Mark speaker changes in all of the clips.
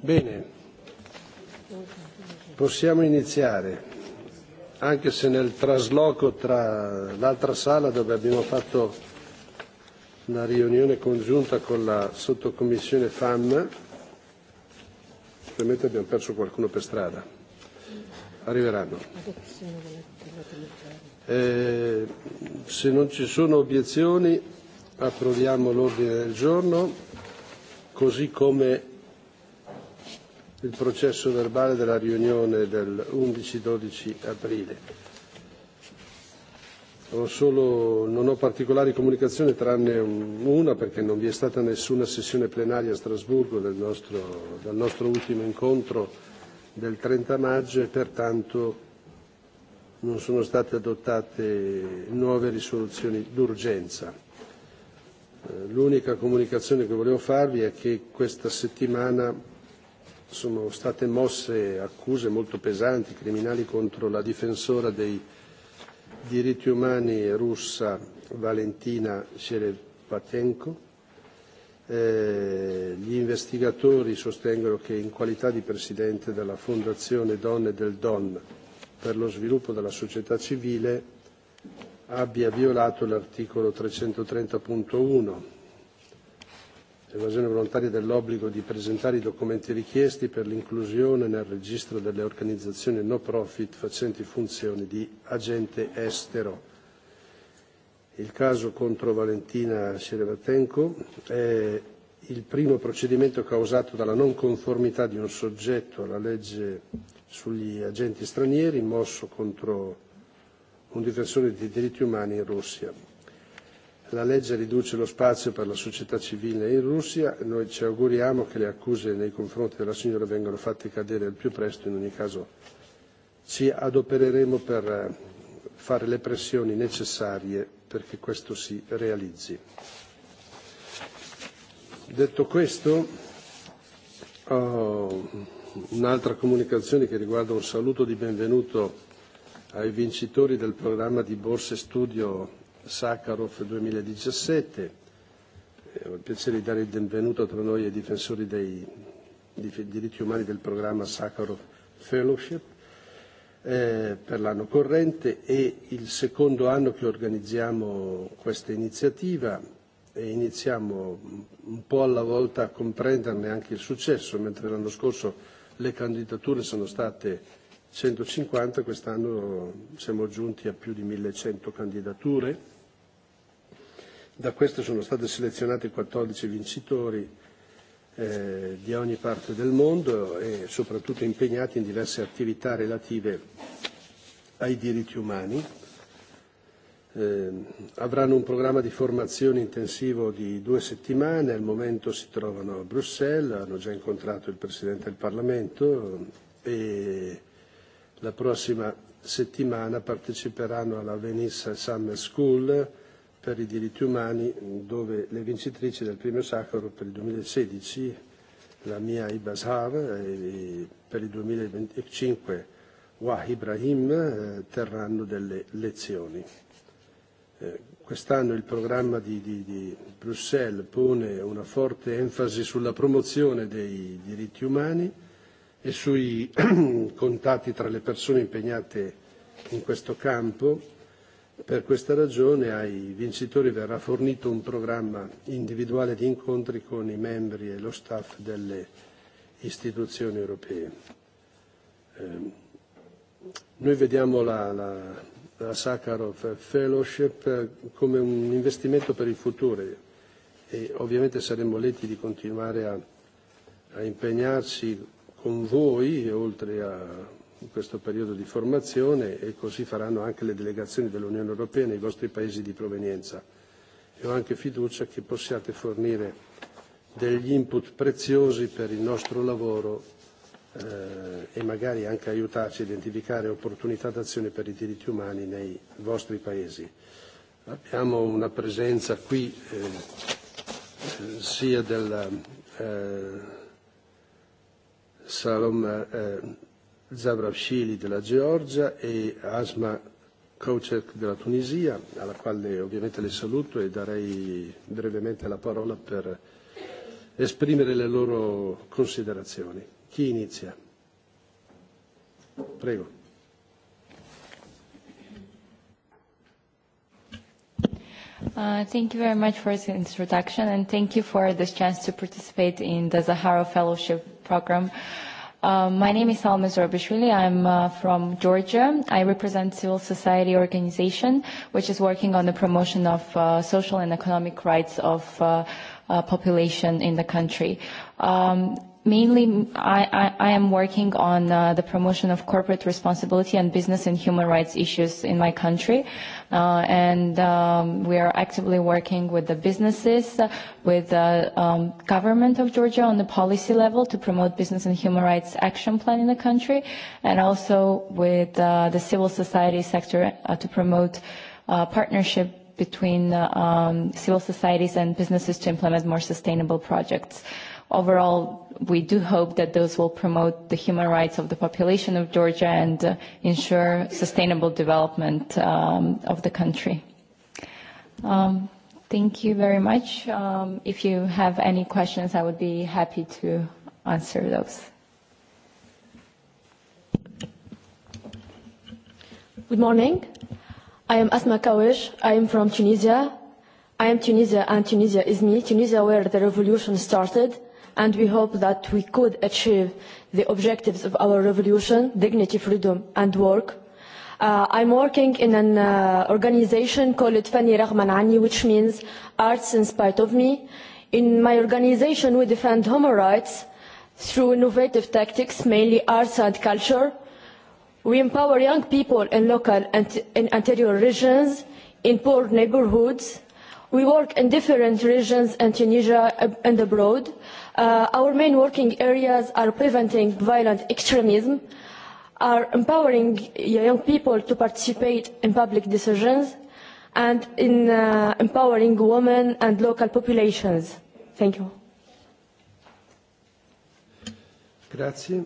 Speaker 1: Bene, possiamo iniziare, anche se nel trasloco tra l'altra sala dove abbiamo fatto una riunione congiunta con la sottocommissione FAM, ovviamente abbiamo perso qualcuno per strada, arriveranno. Se non ci sono obiezioni approviamo l'ordine del giorno così come il processo verbale della riunione del 11-12 aprile. Ho solo, non ho particolari comunicazioni tranne una perché non vi è stata nessuna sessione plenaria a Strasburgo del nostro, dal nostro ultimo incontro del 30 maggio e pertanto non sono state adottate nuove risoluzioni d'urgenza. L'unica comunicazione che volevo farvi è che questa settimana sono state mosse accuse molto pesanti, criminali contro la difensora dei diritti umani russa Valentina Sherepatenko. Gli investigatori sostengono che in qualità di presidente della Fondazione Donne del Don per lo sviluppo della società civile abbia violato l'articolo 330.1 l'evasione volontaria dell'obbligo di presentare i documenti richiesti per l'inclusione nel registro delle organizzazioni no profit facenti funzioni di agente estero. Il caso contro Valentina Sherevatenko è il primo procedimento causato dalla non conformità di un soggetto alla legge sugli agenti stranieri mosso contro un difensore dei diritti umani in Russia. La legge riduce lo spazio per la società civile in Russia, noi ci auguriamo che le accuse nei confronti della signora vengano fatte cadere al più presto, in ogni caso ci adopereremo per fare le pressioni necessarie perché questo si realizzi. Detto questo, ho un'altra comunicazione che riguarda un saluto di benvenuto ai vincitori del programma di borse studio Sakharov 2017. Ho il piacere di dare il benvenuto tra noi ai difensori dei diritti umani del programma Sakharov Fellowship per l'anno corrente e il secondo anno che organizziamo questa iniziativa e iniziamo un po' alla volta a comprenderne anche il successo, mentre l'anno scorso le candidature sono state 150, quest'anno siamo giunti a più di 1100 candidature. Da queste sono state selezionate 14 vincitori di ogni parte del mondo e soprattutto impegnati in diverse attività relative ai diritti umani. Avranno un programma di formazione intensivo di due settimane, al momento si trovano a Bruxelles, hanno già incontrato il Presidente del Parlamento e la prossima settimana parteciperanno alla Venice Summer School per i diritti umani dove le vincitrici del premio Sacro per il 2016 la mia Ibazhar, e per il 2025 Wah Ibrahim terranno delle lezioni. Quest'anno il programma di, di, di Bruxelles pone una forte enfasi sulla promozione dei diritti umani e sui contatti tra le persone impegnate in questo campo. Per questa ragione ai vincitori verrà fornito un programma individuale di incontri con i membri e lo staff delle istituzioni europee. Noi vediamo la, la, la Sakharov Fellowship come un investimento per il futuro e ovviamente saremmo letti di continuare a, a impegnarci con voi oltre a questo periodo di formazione e così faranno anche le delegazioni dell'Unione Europea nei vostri paesi di provenienza. E ho anche fiducia che possiate fornire degli input preziosi per il nostro lavoro e magari anche aiutarci a identificare opportunità d'azione per i diritti umani nei vostri paesi. Abbiamo una presenza qui sia del Salom Zabravshili della Georgia e Asma Kocek della Tunisia, alla quale ovviamente le saluto e darei brevemente la parola per esprimere le loro considerazioni. Chi inizia? Prego.
Speaker 2: Thank you very much for this introduction and thank you for this chance to participate in the Zahara Fellowship Program. My name is Alma Zorbashvili. I'm from Georgia. I represent civil society organization which is working on the promotion of social and economic rights of population in the country. Mainly, I am working on the promotion of corporate responsibility and business and human rights issues in my country, and we are actively working with the businesses, with the government of Georgia on the policy level to promote business and human rights action plan in the country, and also with the civil society sector to promote partnership between civil societies and businesses to implement more sustainable projects overall, we do hope that those will promote the human rights of the population of Georgia and ensure sustainable development of the country. Thank you very much. If you have any questions, I would be happy to answer those. Good morning. I am Asma Kawish. I am from Tunisia. I am Tunisia and Tunisia is me. Tunisia where the revolution started and we hope that we could achieve the objectives of our revolution, dignity, freedom and work. I'm working in an organization called Fani Rahman Ani, which means arts in spite of me. In my organization, we defend human rights through innovative tactics, mainly arts and culture. We empower young people in local and in interior regions, in poor neighborhoods. We work in different regions in Tunisia and abroad Our main working areas are preventing violent extremism, are empowering young people to participate in public decisions, and in empowering women and local populations. Thank you.
Speaker 1: Grazie.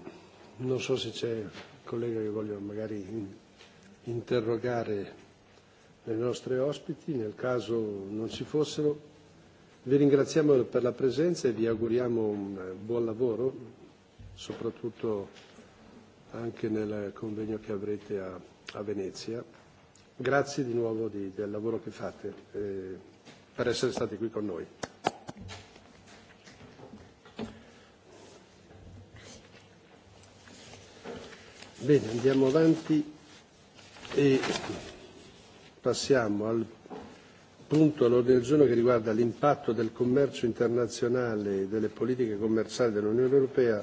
Speaker 1: Non so se c'è collega che voglio magari interrogare le nostre ospiti, nel caso non ci fossero Vi ringraziamo per la presenza e vi auguriamo un buon lavoro, soprattutto anche nel convegno che avrete a, Venezia. Grazie di nuovo di, del lavoro che fate per essere stati qui con noi. Bene, andiamo avanti e passiamo al punto all'ordine del giorno che riguarda l'impatto del commercio internazionale e delle politiche commerciali dell'Unione Europea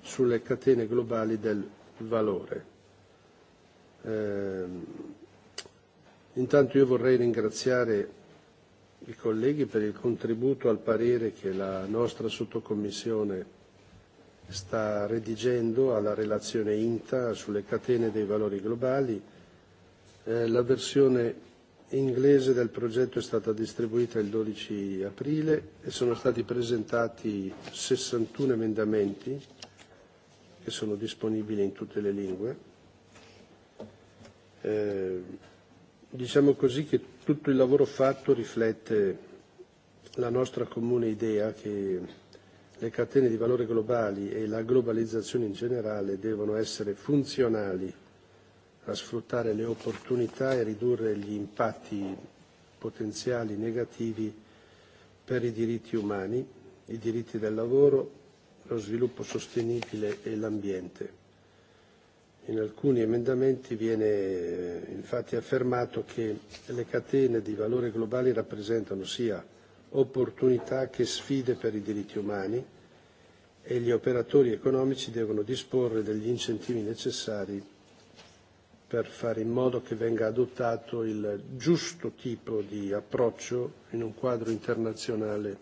Speaker 1: sulle catene globali del valore. Intanto io vorrei ringraziare i colleghi per il contributo al parere che la nostra sottocommissione sta redigendo alla relazione INTA sulle catene dei valori globali. La versione inglese del progetto è stata distribuita il 12 aprile e sono stati presentati 61 emendamenti che sono disponibili in tutte le lingue. Diciamo così che tutto il lavoro fatto riflette la nostra comune idea che le catene di valore globali e la globalizzazione in generale devono essere funzionali a sfruttare le opportunità e ridurre gli impatti potenziali negativi per i diritti umani, i diritti del lavoro, lo sviluppo sostenibile e l'ambiente. In alcuni emendamenti viene infatti affermato che le catene di valore globali rappresentano sia opportunità che sfide per i diritti umani e gli operatori economici devono disporre degli incentivi necessari per fare in modo che venga adottato il giusto tipo di approccio in un quadro internazionale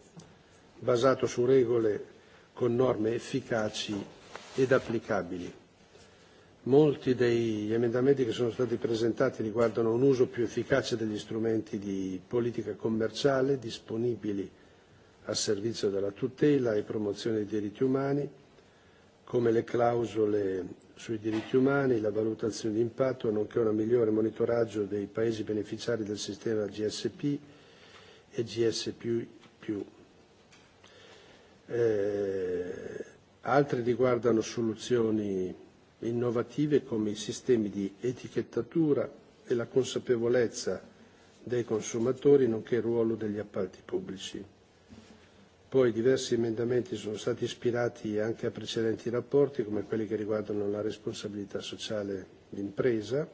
Speaker 1: basato su regole con norme efficaci ed applicabili. Molti degli emendamenti che sono stati presentati riguardano un uso più efficace degli strumenti di politica commerciale disponibili a servizio della tutela e promozione dei diritti umani come le clausole sui diritti umani, la valutazione di impatto, nonché un migliore monitoraggio dei paesi beneficiari del sistema GSP e GSP. Altri riguardano soluzioni innovative come i sistemi di etichettatura e la consapevolezza dei consumatori, nonché il ruolo degli appalti pubblici. Poi diversi emendamenti sono stati ispirati anche a precedenti rapporti, come quelli che riguardano la responsabilità sociale d'impresa.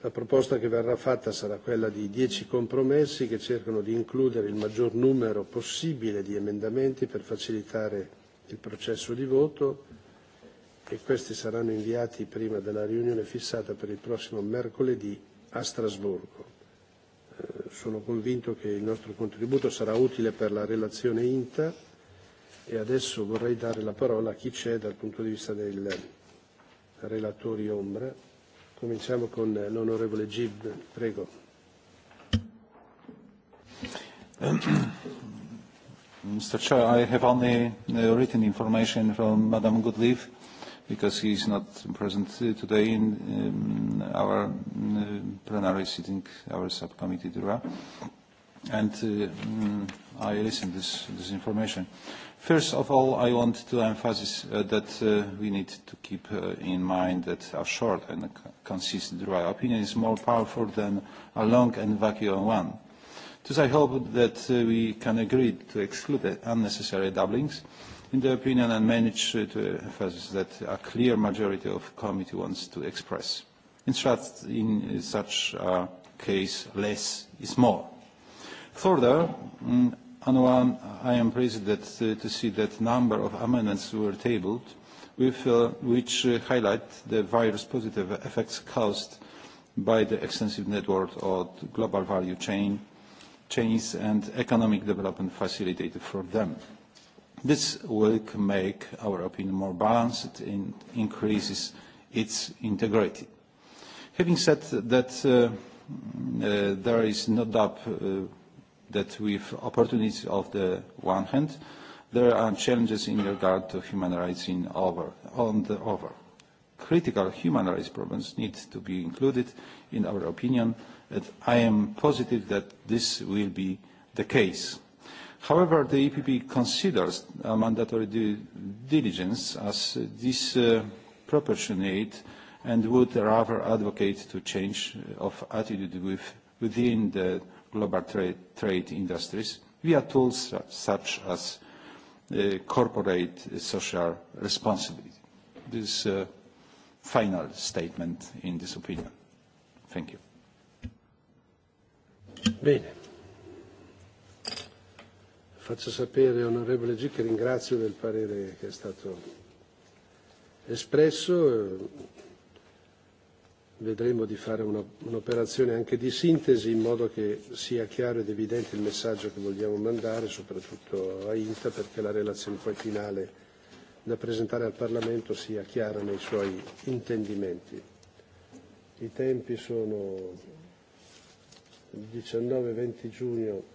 Speaker 1: La proposta che verrà fatta sarà quella di dieci compromessi che cercano di includere il maggior numero possibile di emendamenti per facilitare il processo di voto e questi saranno inviati prima della riunione fissata per il prossimo mercoledì a Strasburgo sono convinto che il nostro contributo sarà utile per la relazione INTA e adesso vorrei dare la parola a chi c'è dal punto di vista dei relatori ombra. Cominciamo con l'onorevole Gib, prego.
Speaker 3: Mr. I have only written information from Goodleaf because he is not present today in our plenary sitting, our subcommittee, And I listen to this information. First of all, I want to emphasize that we need to keep in mind that a short and consistent opinion is more powerful than a long and vacuum one. Thus, I hope that we can agree to exclude unnecessary doublings in the opinion and manage to emphasize that a clear majority of the committee wants to express. In such a case, less is more. Further, I am pleased to see that number of amendments were tabled, which highlight the virus positive effects caused by the extensive network of global value chain chains and economic development facilitated for them. This will make our opinion more balanced and increases its integrity. Having said that, there is no doubt that with opportunities on the one hand, there are challenges in regard to human rights on the other. Critical human rights problems need to be included in our opinion, and I am positive that this will be the case. However, the EPP considers mandatory diligence as disproportionate and would rather advocate to change of attitude within the global trade industries via tools such as corporate social responsibility. This is final statement in this opinion. Thank you.
Speaker 1: Faccio sapere, onorevole G, che ringrazio del parere che è stato espresso. Vedremo di fare un'operazione anche di sintesi in modo che sia chiaro ed evidente il messaggio che vogliamo mandare, soprattutto a INTA, perché la relazione poi finale da presentare al Parlamento sia chiara nei suoi intendimenti. I tempi sono 19-20 giugno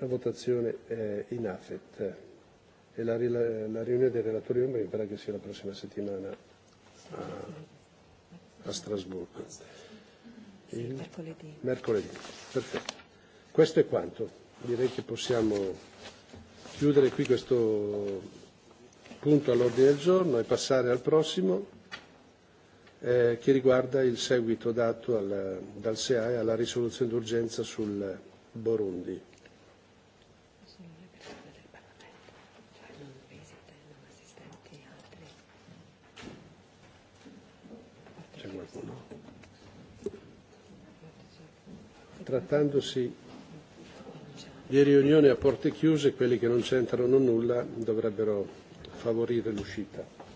Speaker 1: la votazione in AFET e la riunione dei relatori ombra mi pare che sia la prossima settimana a Strasburgo. Il mercoledì. Perfetto. Questo è quanto. Direi che possiamo chiudere qui questo punto all'ordine del giorno e passare al prossimo che riguarda il seguito dato dal SEAE alla risoluzione d'urgenza sul Burundi. trattandosi di riunioni a porte chiuse quelli che non c'entrano nulla dovrebbero favorire l'uscita.